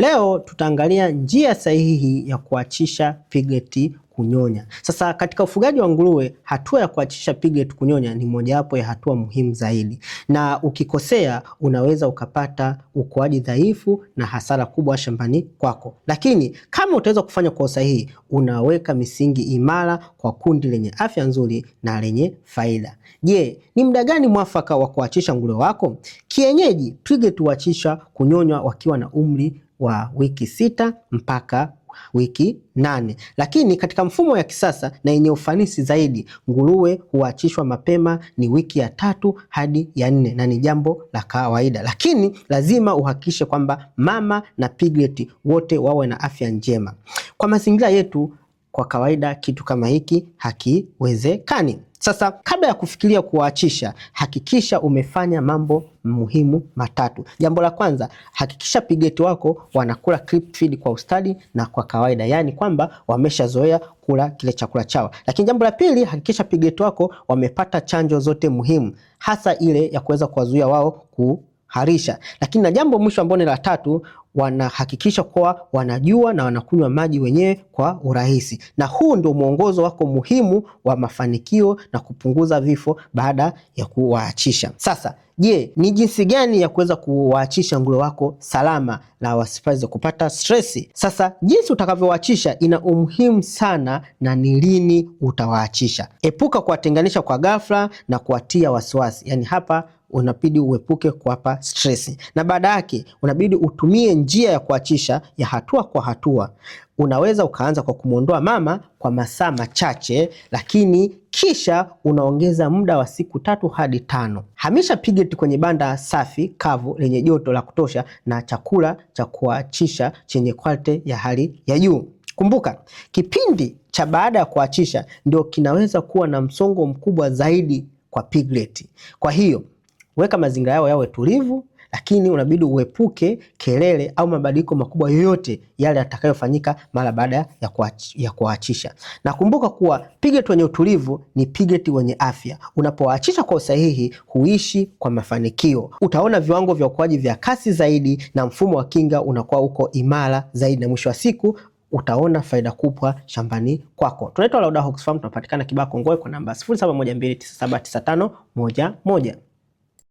Leo tutaangalia njia sahihi ya kuachisha pigeti kunyonya. Sasa katika ufugaji wa nguruwe, hatua ya kuachisha pigeti kunyonya ni mojawapo ya hatua muhimu zaidi, na ukikosea unaweza ukapata ukuaji dhaifu na hasara kubwa shambani kwako. Lakini kama utaweza kufanya kwa usahihi, unaweka misingi imara kwa kundi lenye afya nzuri na lenye faida. Je, ni muda gani mwafaka wa kuachisha nguruwe wako? Kienyeji, pigeti huachisha kunyonywa wakiwa na umri wa wiki sita mpaka wiki nane. Lakini katika mfumo ya kisasa na yenye ufanisi zaidi, nguruwe huachishwa mapema ni wiki ya tatu hadi ya nne, na ni jambo la kawaida, lakini lazima uhakikishe kwamba mama na piglet wote wawe na afya njema. Kwa mazingira yetu kwa kawaida kitu kama hiki hakiwezekani. Sasa kabla ya kufikiria kuwaachisha, hakikisha umefanya mambo muhimu matatu. Jambo la kwanza, hakikisha pigeti wako wanakula feed kwa ustadi na kwa kawaida, yaani kwamba wameshazoea kula kile chakula chao. Lakini jambo la pili, hakikisha pigeti wako wamepata chanjo zote muhimu, hasa ile ya kuweza kuwazuia wao ku harisha. Lakini na jambo mwisho ambao ni la tatu, wanahakikisha kuwa wanajua na wanakunywa maji wenyewe kwa urahisi, na huu ndio mwongozo wako muhimu wa mafanikio na kupunguza vifo baada ya kuwaachisha. Sasa je, ni jinsi gani ya kuweza kuwaachisha nguruwe wako salama na wasipaze kupata stresi? Sasa jinsi utakavyowaachisha ina umuhimu sana, na ni lini utawaachisha. Epuka kuwatenganisha kwa ghafla na kuwatia wasiwasi, yani hapa unabidi uepuke kuwapa stress, na baada yake unabidi utumie njia ya kuachisha ya hatua kwa hatua. Unaweza ukaanza kwa kumwondoa mama kwa masaa machache, lakini kisha unaongeza muda wa siku tatu hadi tano. Hamisha piglet kwenye banda safi, kavu, lenye joto la kutosha na chakula cha kuachisha chenye quality ya hali ya juu. Kumbuka, kipindi cha baada ya kuachisha ndio kinaweza kuwa na msongo mkubwa zaidi kwa piglet. Kwa hiyo Weka mazingira yao yawe tulivu, lakini unabidi uepuke kelele au mabadiliko makubwa yoyote yale yatakayofanyika mara baada ya kuwaachisha. Na kumbuka kuwa pigeti wenye utulivu ni pigeti wenye afya. Unapowaachisha kwa usahihi, huishi kwa mafanikio. Utaona viwango vya ukuaji vya kasi zaidi, na mfumo wa kinga unakuwa uko imara zaidi, na mwisho wa siku utaona faida kubwa shambani kwako. Tunaitwa Lauda Hox Farm, tunapatikana Kibaa Kongowe kwa namba 0712979511.